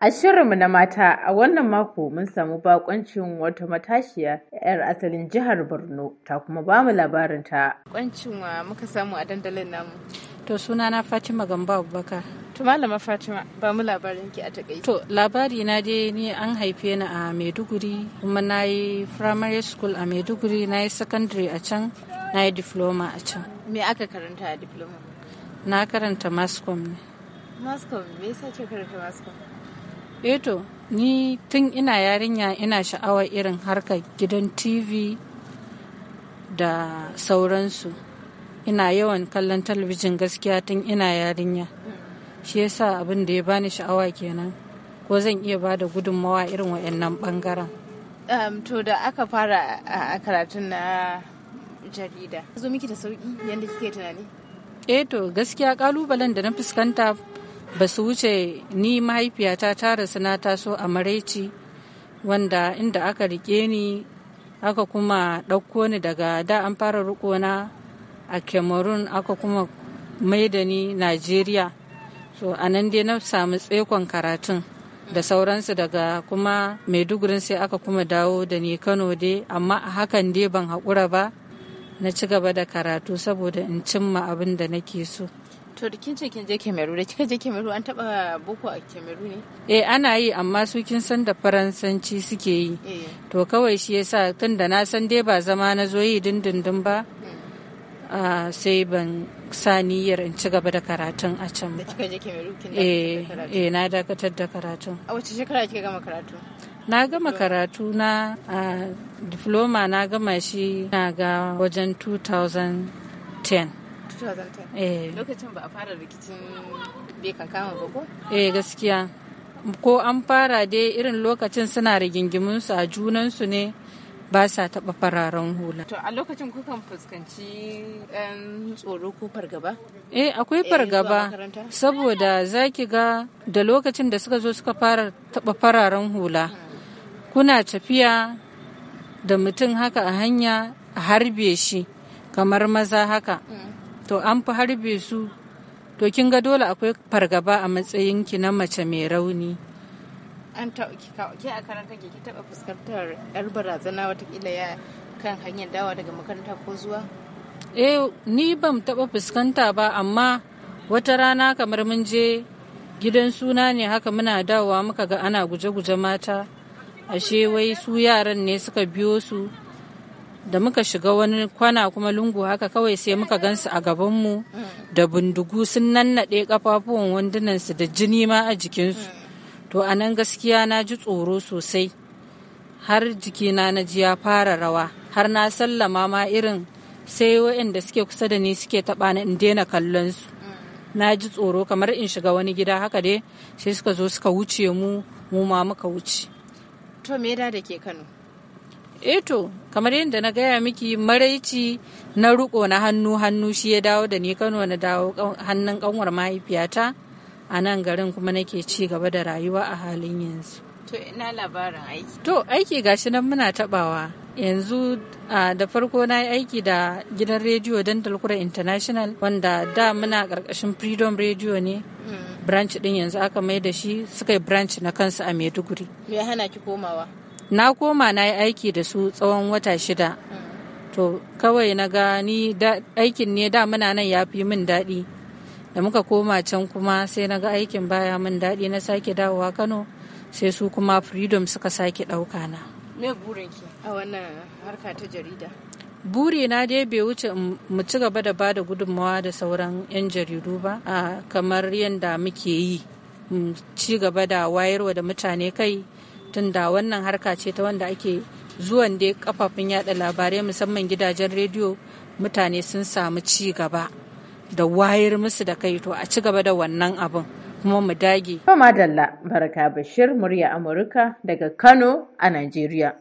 A shirinmu na mata a wannan mako mun samu bakoncin wata matashiya 'yar asalin jihar Borno ta kuma ba mu labarin ta. Bakoncin wa muka samu a dandalin namu. To suna na Fatima Gamba Abubakar. To malama Fatima ba mu labarin ki a takaice. To labari na dai ni an haife ni a Maiduguri kuma na yi primary school a Maiduguri na yi secondary a can na yi diploma a can. Me aka karanta a diploma? Na karanta mascom ne. Mascom me yasa ke karanta mascom? eto eh ni tun ina yarinya ina sha'awa irin harka gidan tv da sauransu ina yawan kallon talabijin gaskiya tun ina yarinya shi yasa abin da ya bani sha'awa kenan ko zan iya ba da gudunmawa irin waɗannan bangaren to da aka fara a karatun na jarida zo miki da sauki yadda kike tunani eto eh gaskiya kalubalen da na fuskanta ba su wuce ni mahaifiyata ta rasu na taso a maraici wanda inda aka rike ni aka kuma ɗauko ni daga da an fara rikona a cameroon aka kuma maida ni nigeria so a nan dai na samu tsekon karatun da sauransu daga kuma maidugurin sai aka kuma dawo da ni kano dai amma a hakan dai ban haƙura ba na ci gaba da karatu saboda in cimma abin da nake so To da kin ce kin je kemeru da kika je kemeru an taba boko a kemeru ne? Eh ana yi amma su kin san da faransanci suke yi. Eh. To kawai shi yasa tun da na san dai ba zama na zo yi dindindin ba. Hmm. sai ban sa niyyar in ci gaba da karatun a can ba. Da kika je kemeru kin eh, da karatu? Eh na dakatar da karatun. A wace shekara kika gama karatu? na gama karatu na a diploma na gama shi na ga wajen 2010 2010 eh. lokacin ko eh, gaskiya ko an fara dai irin lokacin suna rigingiminsu a junansu ne ba sa taɓa fararen hula. To a lokacin kukan fuskanci tsoro ko fargaba? Eh akwai eh, fargaba saboda za ki ga da lokacin da suka zo suka fara taɓa fararen hula. Kuna tafiya da mutum haka a hanya a harbe shi kamar maza haka. Mm. to an fi harbe su to kin ga dole akwai fargaba a matsayin ki na mace mai rauni an ta ki a karanta ke ki taba fuskantar yar barazana watakila ya kan hanyar dawa daga makaranta ko zuwa eh ni ban taba fuskanta ba amma wata rana kamar mun je gidan suna ne haka muna dawowa muka ga ana guje-guje mata ashe wai su yaran ne suka biyo su da muka shiga wani kwana kuma lungu haka kawai sai muka gansu a gabanmu da bindigu sun nannaɗe kafafuwan wandunansu da jini ma a jikinsu to a nan gaskiya na ji tsoro sosai har jikina na ji ya fara rawa har na sallama ma irin sai waɗanda suke kusa da ni suke taɓa na in daina kallon su na ji tsoro kamar in shiga wani gida haka dai sai suka zo suka wuce mu mu ma muka wuce to me da ke Kano eto eh kamar yadda na gaya miki maraici na riko na hannu hannu shi ya dawo da ni kano na dawo hannun kanwar mahaifiyata a nan garin kuma nake ci gaba da rayuwa a halin yanzu to ina labarin aiki to aiki gashi nan muna tabawa yanzu da farko na yi aiki da gidan rediyo dandal kura international wanda da muna karkashin freedom radio ne hmm. branch din yanzu aka mai da shi suka yi branch na kansu a maiduguri me hana ki komawa na koma na yi aiki da su tsawon wata shida to kawai na ga ni aikin ne da muna nan ya fi min daɗi da muka koma can kuma sai na ga aikin baya min daɗi na sake dawowa kano sai su kuma freedom suka sake ɗauka na me burinki a wannan harka ta jarida buri na dai bai wuce mu ci gaba da bada gudunmawa da sauran 'yan jaridu ba a kamar yadda muke yi ci gaba da wayarwa da mutane kai tunda wannan harka ce ta wanda ake zuwan dai kafafin yada labarai musamman gidajen rediyo mutane sun samu ci gaba da wayar musu da kai to a ci gaba da wannan abin kuma mu dage. Madalla Baraka Bashir murya Amurka daga Kano a Najeriya.